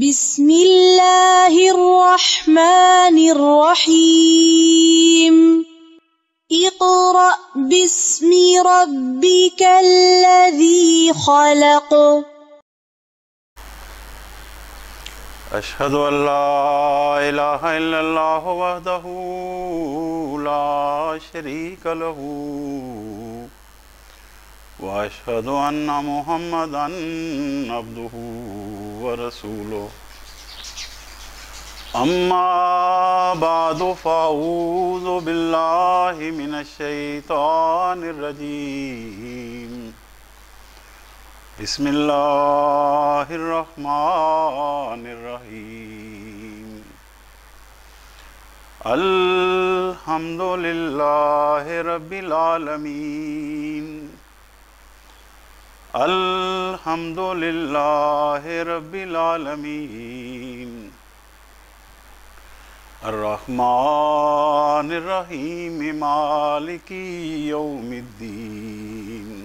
بسم الله الرحمن الرحيم اقرأ باسم ربك الذي خلق أشهد أن لا إله إلا الله وحده لا شريك له شد محمدا عبده ورسوله اماد بعد دو بالله من الشيطان الرجيم بسم الله الرحمن الرحيم الحمد لله رب العالمين الحمد للہ رب العالمین الرحمن الرحیم مالک یوم الدین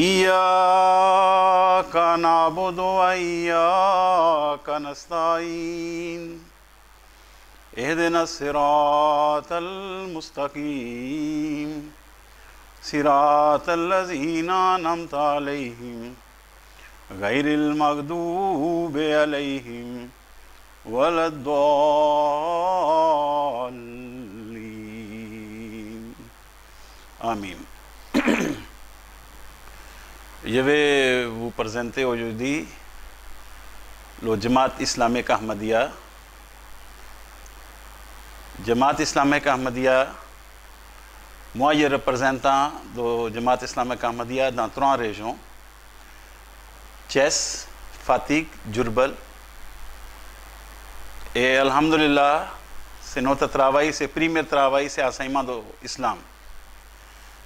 ایاک نعبد و ایاک نستعین اہدنا الصراط المستقیم صراط الذين انعمت عليهم غير المغضوب عليهم ولا الضالين امين یہ وہ پرزنتے ہو جو دی لو جماعت اسلام کا احمدیہ جماعت اسلام کا احمدیہ Moi, je représentant du Jamaat Islamique Ahmadiyya dans trois régions Tchess, Fatigue, Djurbel. Et Alhamdulillah, c'est notre travail, c'est le premier travail, c'est l'enseignement de l'islam.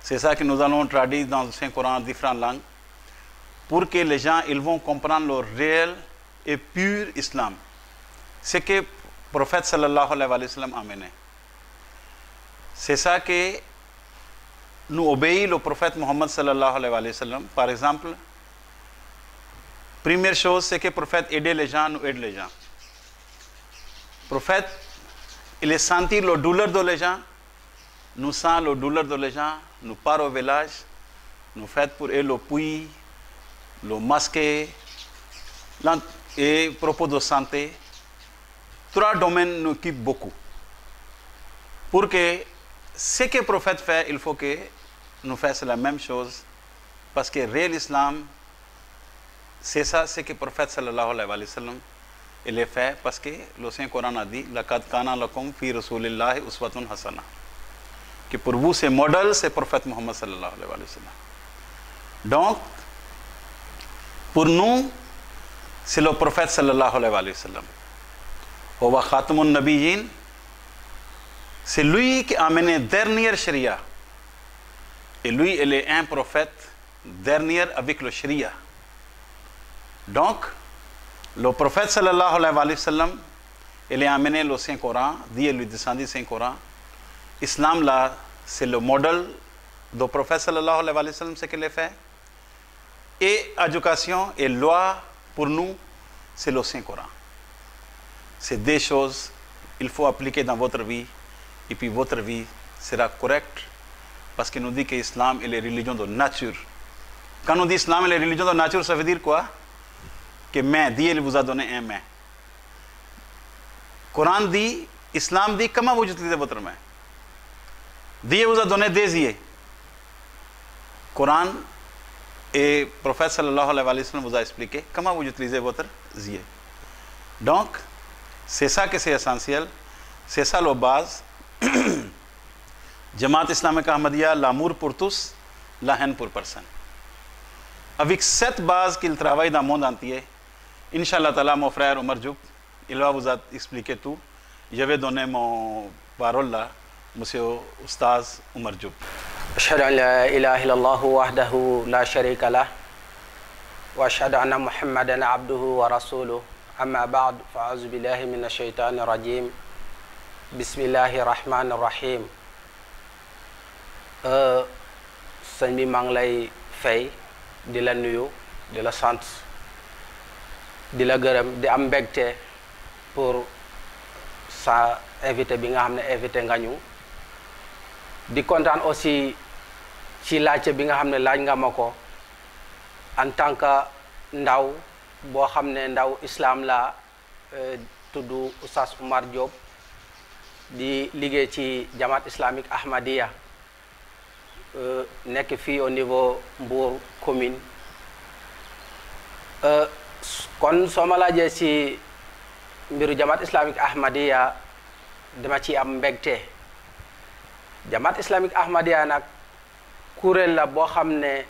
C'est ça que nous allons traduire dans le Saint-Coran en différentes langues pour que les gens ils vont comprendre le réel et pur islam. Ce que le prophète sallallahu alayhi wa sallam a mené. C'est ça que nous obéit le prophète Mohammed sallallahu alayhi wa sallam. Par exemple, première chose, c'est que le prophète aide les gens, nous aide les gens. Le prophète, il est sentir le douleur de les gens, nous sent le douleur de les gens, nous part au village, nous fait pour eux le puits, le masque et propos de santé. Trois domaines nous occupent beaucoup. Pour que سک پروفیت فلف کے نفی صلی مم شوز پس کے ری ال اسلام سیسا سکھ پرفیت صلی اللہ علیہ وسلم الف پس کے لوسن قرآنہ دی لقات کانہ لقوم فی رسول اللہ عسوۃ الحسن کہ پرو سے ماڈل سہ پرفیت محمد صلی اللہ علیہ وسلم ڈونک پرنو سل و پرفیت صلی اللہ علیہ وسلم ہو و خاتم النبی جین C'est lui qui a amené dernière sharia. Et lui, il est un prophète dernier avec le sharia. Donc, le prophète sallallahu alayhi wa sallam, il a amené le Saint-Coran, et lui descendit le Saint-Coran. Islam, là, c'est le modèle du prophète sallallahu alayhi wa sallam, ce qu'il a fait. Et éducation et loi, pour nous, c'est le Saint-Coran. C'est des choses qu'il faut appliquer dans votre vie پی ووتر وی سرا کوریکٹ بس کنودی کے اسلام دو ناچور کنودی اسلام داچر صفدیر کو میں دیزا دون اے میں قرآن دی اسلام دی کما وجت بتر میں دیے وزا دون دے ذیے قرآن اے پروفیسر اللہ کے کما وجت بطر ذیے ڈونک سیسا کے سی ایسانسیل سیسا لباس جماعت اسلام کا حمدیہ لامور پورتوس لاہن پور پرسن اب ایک ست باز کی التراوائی دامون دانتی ہے انشاءاللہ تعالیٰ مو فریر عمر جب علوہ وزاد اسپلیکے تو یوے دونے مو بار اللہ مسیو استاز عمر جب اشہد ان لا الہ الا اللہ وحدہ لا شریک لہ واشہد ان محمد عبدہ ورسولہ اما بعد فعوذ باللہ من الشیطان الرجیم bismillahi rahmaani rahim euh, sëñ bi maa ngi lay fay di la nuyu di la sant di la gërëm di am mbégte pour sa invité bi nga xam ne invité nga ñu di kontaan aussi ci laajte bi nga xam ne laaj nga ma ko en tant que ndaw boo xam ne ndaw islam la euh, tudd Oustaz Oumar Diop di liggéey ci jamaat islamique ahmadiya nekk fii au niveau Mbour commune kon soo ma laajee ci mbiru jamaat islamique ahmadiya dama ci am mbegte jamaat islamique ahmadiya nag kuréel la boo xam ne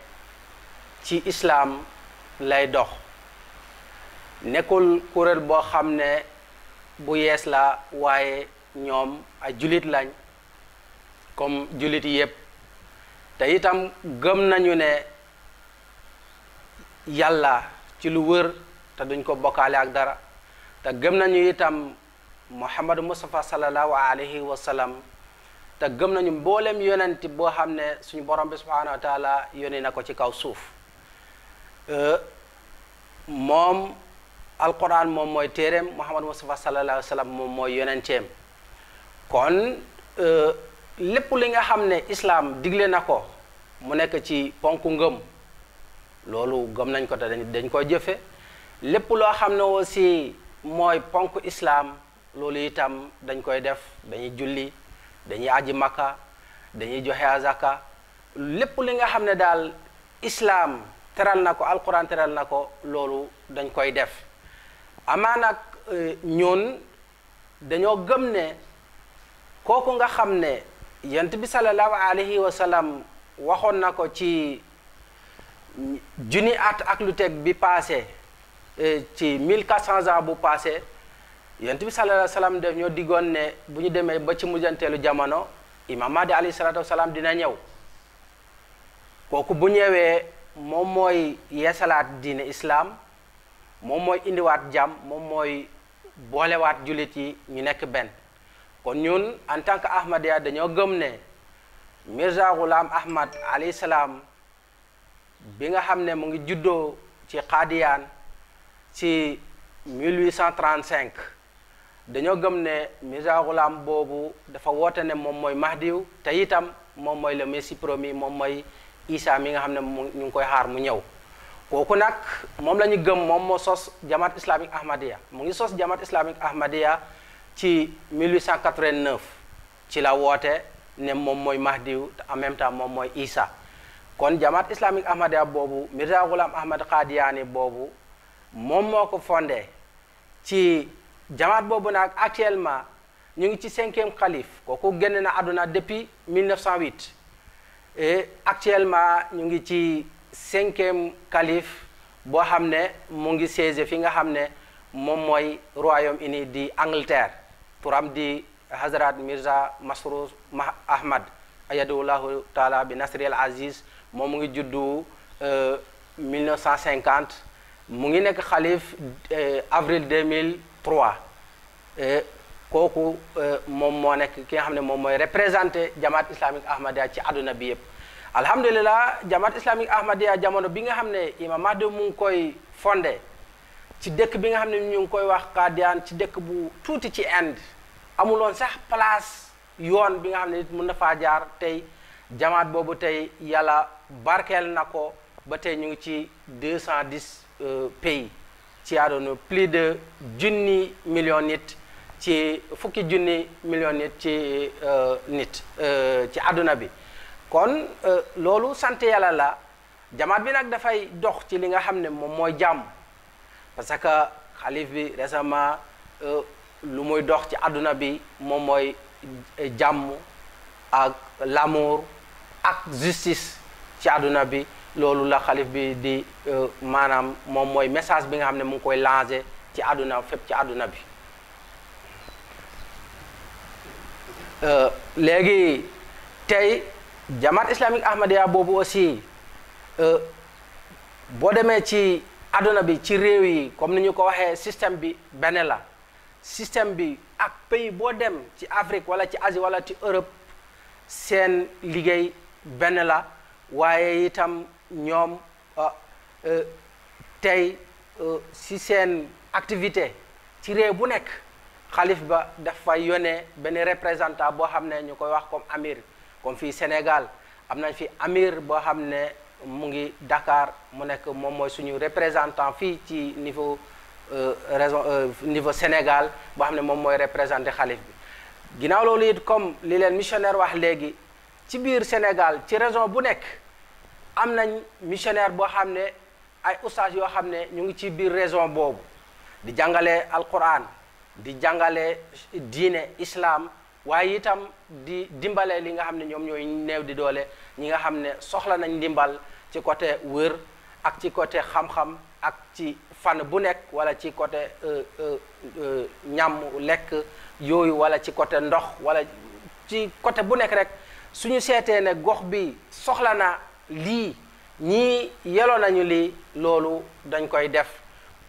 ci islaam lay dox nekkul kuréel boo xam ne bu yees la waaye ñoom ay jullit lañ comme jullit yépp te itam gëm nañu ne yàlla ci lu wër te duñ ko bokkaale ak dara te gëm nañu itam Muhammadu Mustafa sallallahu alayhi wa te gëm nañu mboolem yonent boo xam ne suñu borom bi subhaanahu wa na ko ci kaw suuf moom alquran moom mooy téereem Muhammadu Mustafa sallallahu alayhi wa moom mooy yonenteem kon euh, lépp li nga xam ne islaam digle na ko mu nekk ci ponk ngëm loolu gëm nañ ko te dañ dañ koy jëfe lépp loo xam ne aussi mooy ponk islaam loolu itam dañ koy def dañuy julli dañuy aji makka dañuy joxe azaka lépp li nga xam ne daal islaam teral na ko alquran teral na ko loolu dañ koy def amaa nag euh, ñun dañoo gëm ne kooku nga xam ne yent bi sallallahu alayhi wa sallam waxoon na ko ci junni at ak lu teg bi passé eh, ci mille 1400 ans bu paase yent bi sallallahu salaam wa def ñoo diggoon ne bu ñu demee ba ci mujjanteelu jamono imam Mahdi alayhi salatu wasalaam dina ñëw kooku bu ñëwee moom mooy yeesalaat diine islaam moom mooy indiwaat jàmm moom mooy boolewaat jullit yi ñu nekk benn kon ñun en tant que ahmadiya dañoo gëm ne Mirza Ghulam Ahmad alayhi salaam bi nga xam ne mu ngi juddoo ci Qadian ci 1835 dañoo gëm ne Mirza Ghulam boobu dafa woote ne moom mooy Mahdiw te itam moom mooy le Messie promis moom mooy Isa mi nga xam ne mu ñu ngi koy xaar mu ñëw kooku nag moom la ñu gëm moom moo sos jamaat islamique ahmadiya mu ngi sos jamaat islamique ahmadiya ci 1889 ci la woote ne moom mooy Mahdiw te en même temps moom mooy Isa kon jamaat islamique ahmadiya boobu Mirza Ghulam Ahmad Qadiani boobu moom moo ko fondé ci jamaat boobu nag actuellement ñu ngi ci cinquième xalif kooku génn na àdduna depuis 1908 et actuellement ñu ngi ci cinquième xalif boo xam ne mu ngi siège fi nga xam ne moom mooy Royaume-Uni di Angleterre di Hazrat Mirza Masrour Ahmad ayadullahu taala bi nasri al aziz moom mu ngi juddu 1950 euh, mu ngi nekk xalif euh, avril 2003 euh, kooku moom moo nekk ki nga xam ne moom mooy représenté jamaat islamique ahmadiya ci àdduna bi yëpp alhamdulilah jamaat islamique ahmadiya jamono bi nga xam ne imam Mahdi mu ngi koy fonde ci dëkk bi nga xam ne ñu ngi koy wax Qadian ci dëkk bu tuuti ci Inde amuloon sax place yoon bi nga xam ne nit mën na faa jaar tey jamaat boobu tey yàlla barkeel na ko ba tey ñu ngi ci deux cent dix euh, pays ci àdduna plus de junni million nit ci fukki junni million nit ci euh, nit euh, ci àdduna bi kon loolu sant yàlla la jamaat bi nag dafay dox ci li nga xam ne moom mooy jàmm parce que xalif bi récemment lu muy dox ci àdduna bi moom mooy eh, jàmm ak l'amour ak justice ci àdduna bi loolu la xalif bi di eh, maanaam moom mooy message bi nga xam ne mu ngi koy lancé ci àdduna fépp ci àdduna bi eh, léegi tey jamaat islamique ahmadiya boobu aussi boo demee ci àdduna bi ci réew yi comme ni ñu ko waxee système bi benn la système bi ak pays boo dem ci Afrique wala ci Asie wala ci Europe seen liggéey benn la waaye itam ñoom euh, euh, tey euh, si seen activité ci réew bu nekk xalif ba dafa yónnee benn représentant boo xam ne ñu koy wax comme amir kon fii Sénégal am nañ fi amir boo xam ne mu ngi dakaar mu nekk moom mooy suñu représentant fii ci niveau Euh, raison euh, niveau Sénégal boo xam ne moom mooy représenté xalif bi ginnaaw loolu it comme li leen missionnaire wax léegi ci biir Sénégal ci région bu nekk am nañ missionnaire boo xam ne ay ustaas yoo xam ne ñu ngi ci biir région boobu di jàngale Alquran di jàngale diine islam waaye itam di dimbale li nga xam ne ñoom ñooy néew di doole ñi nga xam ne soxla nañ ndimbal ci côté wër ak ci côté xam-xam. ak ci fan bu nek wala ci côté euh, euh, euh, ñam lek yooyu wala ci côté ndox wala ci côté bu nek rek suñu sété né gox bi soxla na li ñi yelo nañu li lolu dañ koy def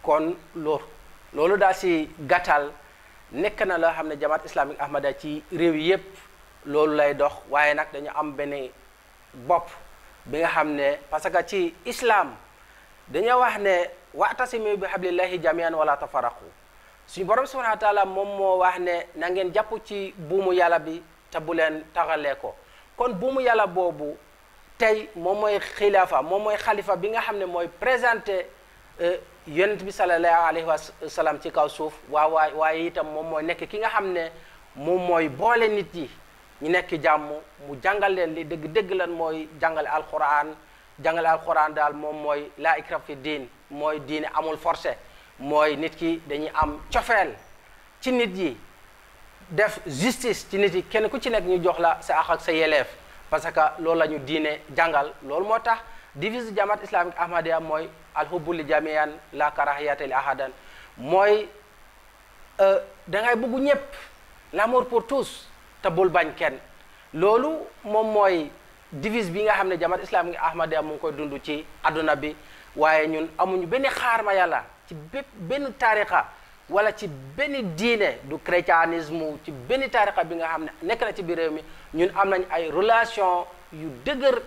kon lor lolu dasi gatal gatal nek na la xamné jamaat islamique ahmada ci rew yépp lolu lay dox waaye nak dañu am bob bop bi nga xamné parce que ci islam dañoo wax ne waatasimu bi hablillahi jamian wala tafaraqu suñu borom subhanahu wa moom moo wax ne nangeen jàpp ci buumu yàlla bi te bu taxalee ko kon buumu yàlla boobu tey moom mooy xilaafa moom mooy xalifa bi nga xam ne mooy présenté euh, yonent bi sallallahu alayhi wa sallam ci kaw suuf waa waaye itam moom mooy nekk ki nga xam ne moom mooy boole nit yi ñu nekk jàmm mu jàngal leen li dëgg-dëgg lan mooy jàngale alquran jàngale alxuraan daal moom mooy la ikra fi diin mooy diine amul forcé mooy nit ki dañuy am cofeel ci nit yi def justice ci nit yi kenn ku ci nekk ñu jox la sa àq ak sa yeleef parce que loolu la ñu diine jàngal loolu moo tax devise jamaat islamique ahmadiya mooy alhubbu li la karahiyata ahadan mooy euh, da bëggu bëgg ñëpp l'amour pour tous te bul bañ kenn loolu moom mooy divise bi nga xam ne jamaat islam ngi ahmadiya mu ngi koy dund ci adduna bi waaye ñun amuñu benn xaar ma yàlla ci bépp benn taarixa wala ci benn diine du chrétianisme ci benn taarixa bi nga xam ne nekk na ci biir réew mi ñun am nañ ay relation yu dëgër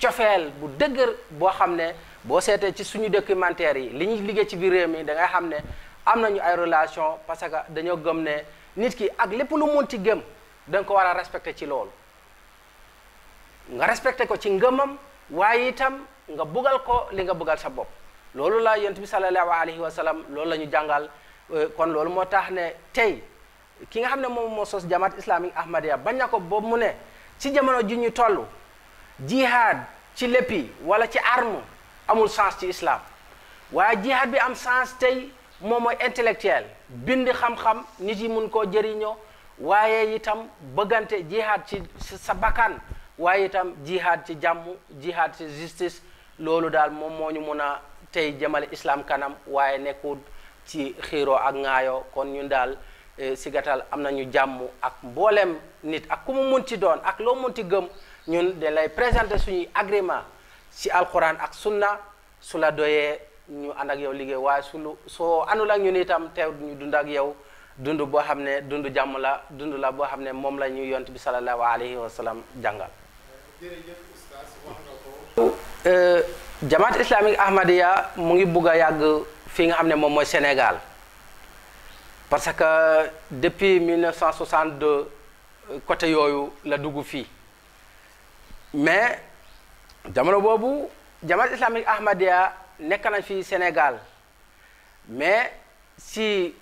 cofeel bu dëgër boo xam ne boo seetee ci suñu documentaire yi li ñuy liggéey ci biir réew mi da ngay xam ne am nañu ay relation parce que dañoo gëm ne nit ki ak lépp lu munti gëm da ko war a respecté ci loolu nga respecté ko ci ngëmam waaye itam nga buggal ko li nga buggal sa bopp loolu la yonent bi sallallahu alayhi wa sallam loolu la ñu jàngal euh, kon loolu moo tax ne tey ki nga xam ne moom moo sos jamaat islamique ahmadiyya bañ na ko boobu mu ne ci jamono ju ñu toll jihad ci léppi wala ci arme amul sens ci islam waaye jihad bi am sens tey moom intellectuel bind xam-xam nit yi mun koo jëriñoo waaye itam bëggante jihad ci sa bakkan waaye itam jihaad ci jàmm jihaad ci justice loolu daal moom moo ñu mun a tey jamale islam kanam waaye nekkul ci xiiro ak ŋaayoo kon ñun daal eh, si gatal am nañu jàmm ak mbooleem nit ak ku mu munti doon ak loo munti gëm ñun dañ lay présenté suñuy agrément si alquran ak sunna su la doyee ñu ànd ak yow liggéey waaye su soo àndul ak ñun itam teew ñu dund ak yow dund boo xam ne dund jàmm la dund la boo xam ne moom la ñu yont bi sallallahu alayhi wa sallam jàngal Euh, jamaat islamique ahmadiya mu ngi bugg a yàgg fii nga xam ne moom mooy Sénégal parce que depuis 1962 euh, côté yooyu la dugg fii mais jamono boobu jamaat islamique ahmadiya nekk nañ fi Sénégal mais si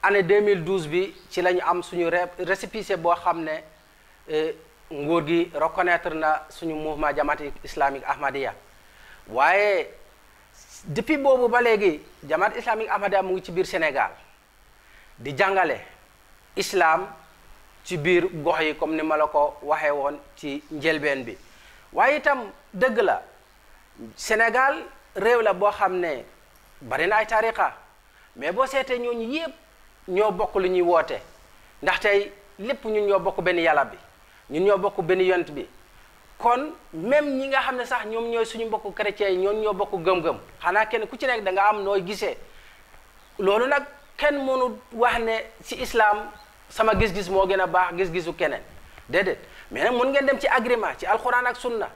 année 2012 bi ci la ñu am suñu récépissé boo xam ne euh, nguur gi reconnaître na suñu mouvement jamaat islamique ahmadiya waaye depuis boobu ba léegi jamaat islamique ahmadiya mu ngi ci biir Sénégal di jàngale islam ci biir gox yi comme ni ma la ko waxee woon ci njëlbeen bi waaye itam dëgg la Sénégal réew la boo xam ne bari na ay tariqa mais boo seetee ñooñu yépp ñoo bokk lu ñuy woote ndaxte lépp ñu ñoo bokk benn yàlla bi ñun ñoo bokk benn yont bi kon même ñi nga xam ne sax ñoom ñooy suñu mbokku chrétiens yi ñoom ñoo bokk gëm-gëm xanaa kenn ku ci nekk danga nga am nooy gisee loolu nag kenn mënu wax ne si islaam sama gis-gis moo gën a baax gis-gisu keneen déedéet mais ne mun ngeen dem ci agrément ci al alquran ak sunna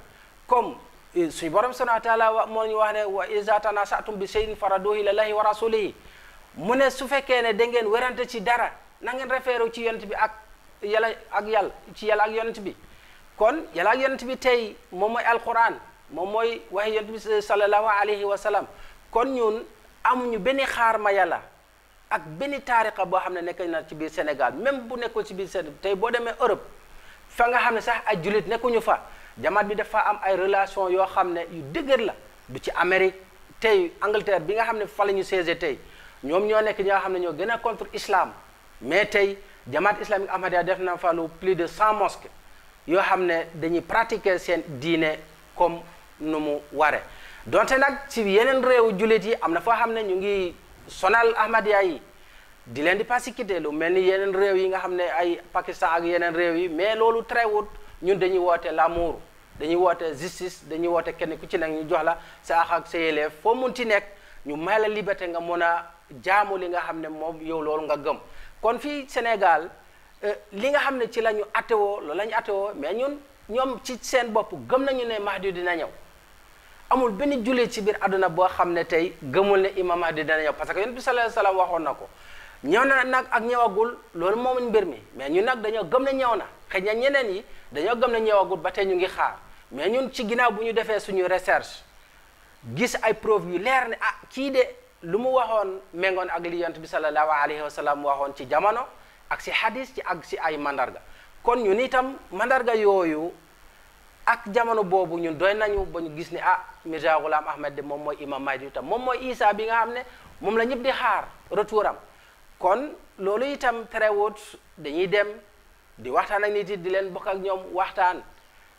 comme eh, suñu borom subhanahu wa taala moo ñu wax ne wa iza tanasatum bi shay'in faraduhu ilallahi wa rasulihi mu ne su fekkee ne da ngeen werante ci dara na ngeen référé ci yont bi ak yàlla ak yàlla ci yàlla ak yonent bi kon yàlla ak yonent bi tey moom mooy alquran moom mooy waxe yonent bi sallallahu alayhi wa sallam kon ñun amuñu benn xaar ma yàlla ak benn taariqa boo xam ne nekk na ci biir Sénégal même bu nekkoo ci biir Sénégal tey boo demee Europe fa nga xam ne sax ay jullit nekkuñu fa jamaat bi dafa am ay relation yoo xam ne yu dëgër la du ci Amérique tey Angleterre bi nga xam ne fa la ñu siège tey ñoom ñoo nekk ñoo xam ne gën a contre islam jamaat islamique ahmadiyya def na fa lu plus de cent mosquées yoo xam ne dañuy pratiquer seen diine comme nu mu ware donte nag si yeneen réewu jullit yi am na foo xam ne ñu ngi sonal ahmadiyya yi di leen di persécuter lu mel ni yeneen réew yi nga xam ne ay Pakistan ak yeneen réew yi mais loolu tréwut ñun dañuy woote la l'amour dañu woote justice dañuy woote kenn ku ci nekk ñu joxla la sa àq sa yelleef foo mun ti nekk ñu may la liberté nga mën a jaamu li nga xam ne moom yow loolu nga gëm kon fii Sénégal euh, li nga xam ne ci lañu ñu attewoo loolu la ñu attewoo mais ñun ñoom ci seen bopp gëm nañu ne Mahdi dina ñëw amul benn jullit ci biir àdduna boo xam ne tey gëmul ne imam Mahdi dina ñëw parce que yonent bi sallallahu alayhi waxoon na ko ñëw na nag ak ñëwagul loolu moomuñ mbir mi mais ñun nag dañoo gëm ne ñëw na xëy ñeneen yi dañoo gëm ne ñëwagul ba tey ñu ngi xaar mais ñun ci ginnaaw bu ñu defee suñu recherche gis ay preuve yu leer ne ah kii de lu mu waxoon mengoon ak li yonent bi sallallahu alayhi wa sallam waxoon ci jamono ak si hadis ci ak si ay mandarga kon ñun itam mandarga yooyu ak jamono boobu ñun doy nañu ba ñu gis ni ah Mirza Ghulam Ahmed de moom mooy imam Mahdi itam moom mooy Isa bi nga xam ne moom la ñëpp di xaar retouram kon loolu itam terewut dañuy dem di waxtaan ak nit yi di leen bokk ak ñoom waxtaan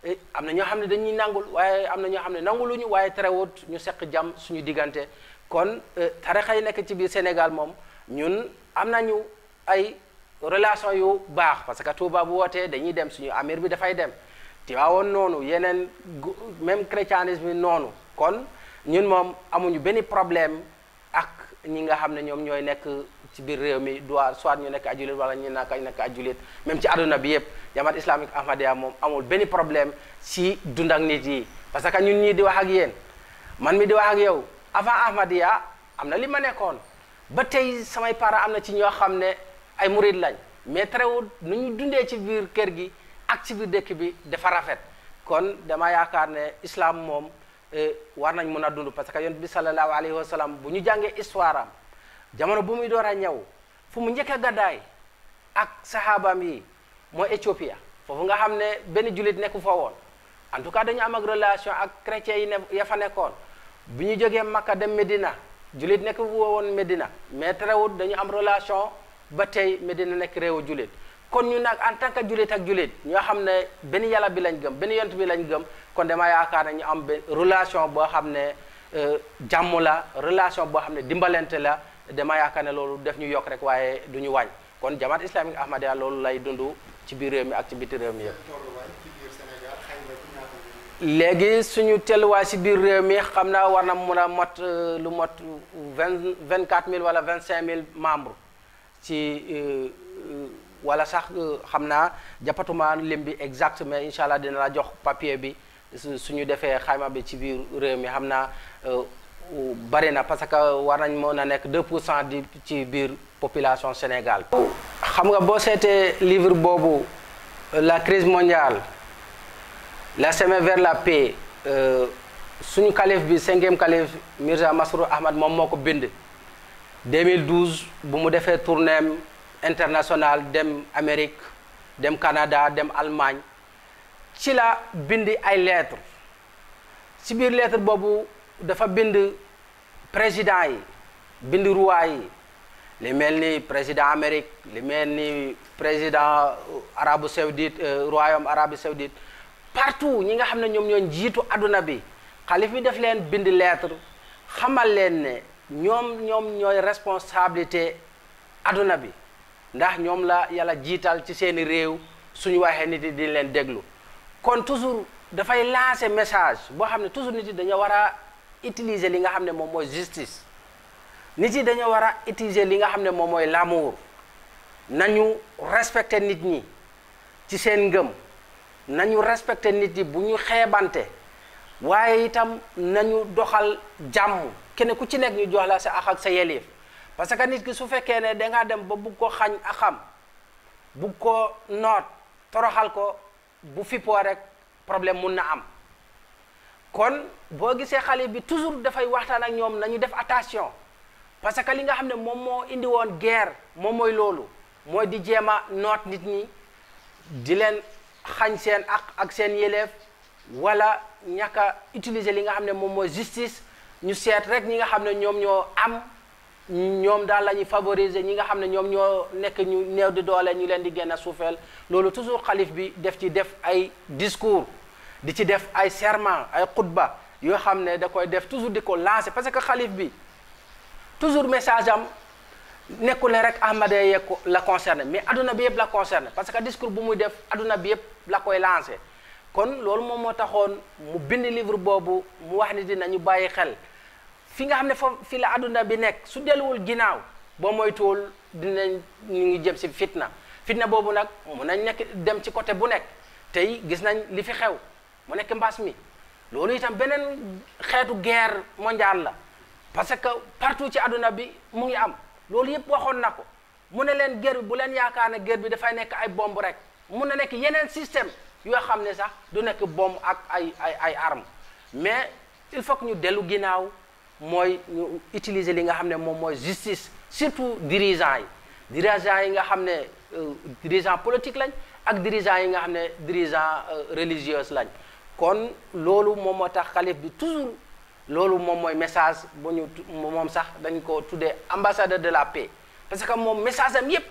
eh, am na ñoo xam ne dañuy nangul waaye am na ñoo xam ne nanguluñu waaye terewut ñu seq jàmm suñu diggante kon euh, tarixa yi nekk ci biir Sénégal moom ñun am nañu ay relation yu baax parce que Touba bu wootee dañuy dem suñu amir bi dafay dem Tiwaawoon noonu yeneen même christianisme bi noonu kon ñun moom amuñu benn problème ak ñi nga xam ne ñoom ñooy nekk ci biir réew mi doit soit ñu nekk ajulit wala ñu nekk nekk ajulit même ci àdduna bi yëpp jamaat islamique ahmadiyya moom amul benn problème si dund ak nit yi parce que ñun ñii di wax ak yéen man mi di wax ak yow avant ahmadia amna lima li ma nekkoon ba tey samay para amna ci ñoo xam ne ay mourid lañ mais terewul nu ñu dundee ci biir kër gi ak ci biir dëkk bi dafa rafet kon dama yaakaar ne islam moom eh, war nañ mën a dund parce que yonent bi salallahu alayhi wa sallam bu ñu jàngee histoire am jamono bu muy door a ñëw fu mu njëkk a gaddaay ak sahabaam yi mooy Éthiopia foofu nga xam ne benn julit nekku fa woon en tout cas dañu am ak relation ak chrétien yi ne ya fa nekkoon bu ñu jógee Makka dem Medina julit nekk bu woon Medina mais terewut dañu am relation ba tey Medina nekk réewu jullit kon ñu nag en tant que jullit ak jullit ñoo xam ne benn yàlla bi lañ gëm benn yont bi lañ gëm kon dama yaakaar ne ñu am benn relation boo xam ne euh, jàmm la relation boo xam ne dimbalante la dama yaakaar ne loolu def ñu yokk rek waaye du ñu wàññ kon jamaat islamique ahmadiyya loolu lay dundu ci biir réew mi ak ci biti réew mi Les suñu teluwaay ci bir réew mi xamna warna euh, wala membres ci euh, euh, wala sax xamna japatuma exact bi exactement incha dina la papier bi suñu défé xayma bi ci bir réew mi xamna parce que war population Sénégal. xam nga livre la crise mondiale. la semaine vers la paix euh, suñu calife bi cinquième calife Mirza Masrour Ahmad moom moo ko bind 2012 bu mu defee tournéem international dem Amérique dem Canada dem Allemagne ci la bind ay lettres ci biir lettre boobu dafa bind président yi bind roi yi li mel ni président Amérique li mel ni président arabu saoudite euh, royaume arabu saoudite partout ñi nga xam ne ñoom ñoo jiitu adduna bi xalif bi def leen bind lettre xamal leen ne ñoom ñoom ñooy responsabilité adduna bi ndax ñoom la yalla jiital ci seeni réew suñu waxee nit yi di leen déglu kon toujours dafay lancer message boo xam ne toujours nit yi dañoo war a utiliser li nga xam ne moom mooy justice nit yi dañoo war a utiliser li nga xam ne moom mooy l'amour nañu respecter nit ñi ci seen ngëm nañu respecté nit yi bu ñu xeebante waaye itam nañu doxal jamm kene ku ci se ñu jox la sa ak sa yelif parce que nit ki su fekké né da nga dem ba bu ko xagn axam bu ko note toroxal ko bu rek problème mu na am kon bo gisé xalé bi toujours fay waxtaan ak ñom nañu def attention parce que li nga xamné ne momo indi won guerre mom moy lolu moy di jema note nit ñi di len xañ seen ak ak seen yéleef wala ñàkk a utiliser li nga xam ne moom mooy justice ñu seet rek ñi nga xam ne ñoom ñoo am ñoom daal la ñuy favoriser ñi nga xam ne ñoom ñoo nekk ñu néew di doole ñu leen di génn a suufeel loolu toujours xalif bi def ci def ay discours di ci def ay serment ay xutba yoo xam ne da koy def toujours di ko lancer parce que xalif bi toujours message am nekkul ne rek Ahmada ko la concerné mais adduna bi yëpp la concerné parce que discours bu muy def adduna bi yëpp la koy lancé kon loolu moom moo taxoon mu bind livre boobu mu wax ni dinañu bàyyi xel fi nga xam ne foofu fii la adduna bi nekk su delluwul ginnaaw boo moytuwul dina ñu ngi jëm si fitna fitna boobu nag mun nañ nekk dem ci côté bu nekk tey gis nañ li fi xew mu nekk mbaas mi loolu itam beneen xeetu guerre mondiale la parce que partout ci adduna bi mu ngi am loolu yëpp waxoon na ko mu ne leen guerre bi bu leen yaakaar ne guerre bi dafay nekk ay bomb rek mun na nekk yeneen système yoo xam ne sax du nekk bomb ak ay ay ay arme mais il faut ñu dellu ginnaaw mooy utiliser li nga xam ne moom mooy justice surtout dirigeants yi dirigeants yi nga xam ne euh, dirigeant politique lañ ak dirigeants yi nga xam ne dirigeant euh, religieuse lañ kon loolu moom moo tax xalif bi toujours loolu moom mooy message bu ñu moom sax dañ koo tuddee ambassadeur de la paix parce que moom message am yépp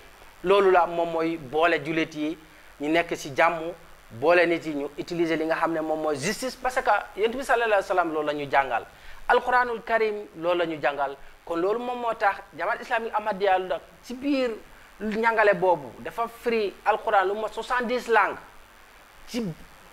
loolu la moom mooy boole jullit yi ñu nekk ci jàmm boole nit yi ñu utiliser li nga xam ne moom mooy justice parce que yonent bi sallallahu alayhi wa sallam loolu la ñu jàngal alquranul karim loolu la ñu jàngal kon loolu moom moo tax jamaat islamique ahmadiyya nag ci biir ñàngale boobu dafa firi alquran lu ma 70 langues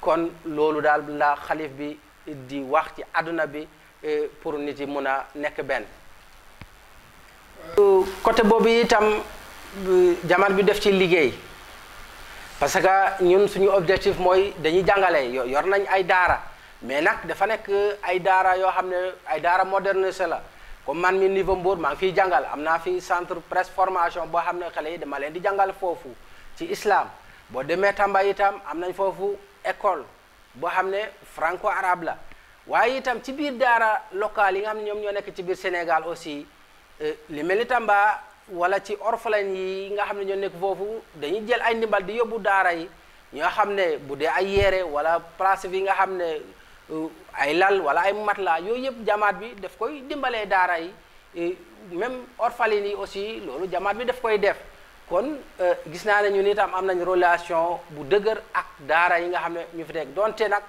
kon loolu daal la xalif bi di wax ci àdduna bi eh, pour nit yi mun a nekk benn côté boobu itam jaman bi def ci liggéey parce que ñun suñu objectif mooy dañuy jàngale yor nañ ay daara mais nag dafa nekk ay daara yoo xam ne ay daara modernisé la comme man mi niveau Mbour maa ngi fiy jàngal am naa fi centre presse formation boo xam ne xale yi dama leen di jàngal foofu ci islam boo demee Tamba itam am nañ foofu école boo xam ne franco arabe la waaye itam ci biir daara locale yi nga xam ne ñoom ñoo nekk ci biir Sénégal aussi euh, li mel ni Tamba wala ci orphelin yi nga xam ne ñoo nekk foofu dañuy jël ay ndimbal di yóbbu daara yi ñoo xam ne bu dee ay yére wala place bi nga xam ne euh, ay lal wala ay matelas yooyu yëpp jamaat bi def koy dimbalee daara yi même orphelin yi aussi loolu jamaat bi daf koy def kon euh, gis naa ne ñun itam am nañ relation bu dëgër ak daara yi nga xam ne ñu fi nekk donte nag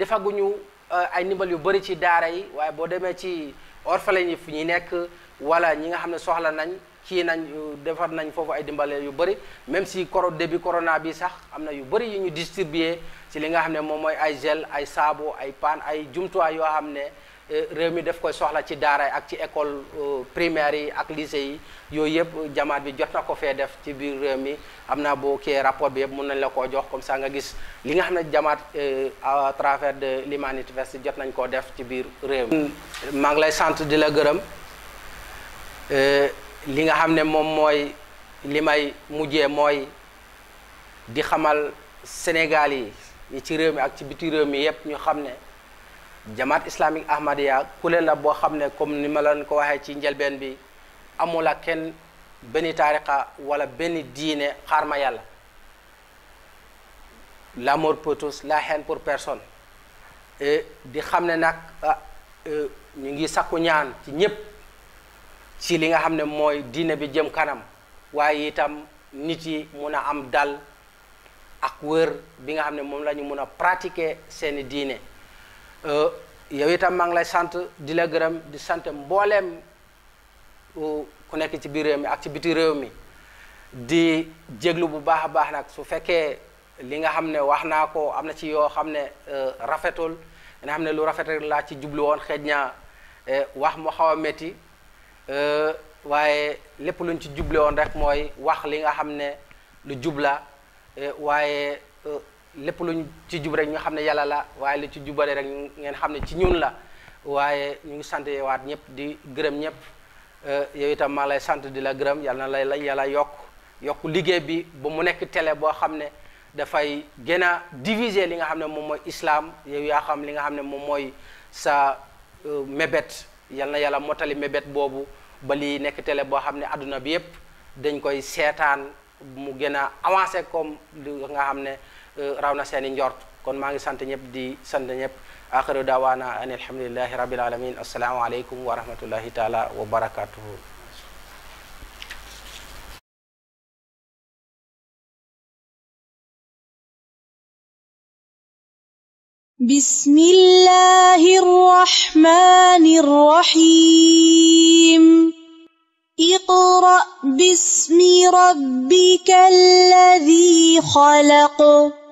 defaguñu euh, ay ndimbal yu bëri ci daara yi waaye boo demee ci orphelin yi fu ñuy nekk wala ñi nga xam ne soxla nañ kii nañ euh, defar nañ foofu ay dimbale yu bëri même si koro début corona bi sax am na yu bëri yu ñu distribuer ci li nga xam ne moom mooy ay gel ay saabu ay paan ay jumtuwaay yoo xam ne Eh, réew mi daf koy soxla ci daara ak ci école euh, primaire yi ak lycée yi yooyu yëpp euh, jamaat bi jot na ko fee def ci biir réew mi am naa boo kee rapport bi yëpp mun nañ la koo jox comme sax nga gis li nga xam ne jamaat euh, à travers de l'Humanité Fest jot nañ koo def ci biir réew mi. maa ngi lay sant di la gërëm li nga xam ne moom mooy li may mujjee mooy di xamal Sénégal yi ci réew mi ak ci biti réew mi yëpp ñu xam ne. jamaat islamique ahmadiya kuréel la boo xam ne comme ni ma leen ko waxee ci njëlbeen bi amula kenn benn taariqa wala benn diine xaar ma yàlla l'amour pour tous la pour personne di xam ne nag ah, e, ñu ngi sakku ñaan ci ñépp ci li nga xam ne mooy diine bi jëm kanam waaye itam nit yi mun a am dal ak wër bi nga xam ne moom lañu ñu mun a pratiquer seeni diine Euh, yow itam maa ngi lay sant di la gërëm di sant mbooleem ku nekk ci biir réew mi ak ci biti réew mi di jéglu bu baax a baax nag su fekkee li nga xam ne wax naa ko am na ci yoo xam ne euh, rafetul nga xam ne lu rafet rek laa ci jublu woon xeej ñaa euh, wax mu xaw a métti waaye lépp luñ ci juble woon rek mooy wax li nga xam ne lu jubla waaye lépp luñ ci jub rek ñu xam ne yàlla la waaye lu ci jubale rek ngeen xam ne ci ñun la waaye ñu ngi sant waat ñëpp di gërëm ñëpp eh, yow itam maa lay sant di la gërëm yàlla na la yàlla yokk yokk liggéey bi ba mu nekk télé boo xam ne dafay gën a diviser li nga xam ne moom mooy islam yow yaa xam li nga xam ne moom mooy sa eh, mébét yàlla yàlla mottali mébét boobu ba lii nekk télé boo xam ne àdduna bi yëpp dañ koy seetaan mu gën a avancé comme li nga xam ne rawna na seen i njort kon ma ngi sant ñep di sant ñep akhiru dawana alhamdulillah rabbil rabil alamin alaykum wa rahmatullahi taala wa barakatuh بسم الله الرحمن الرحيم اقرأ باسم ربك الذي خلق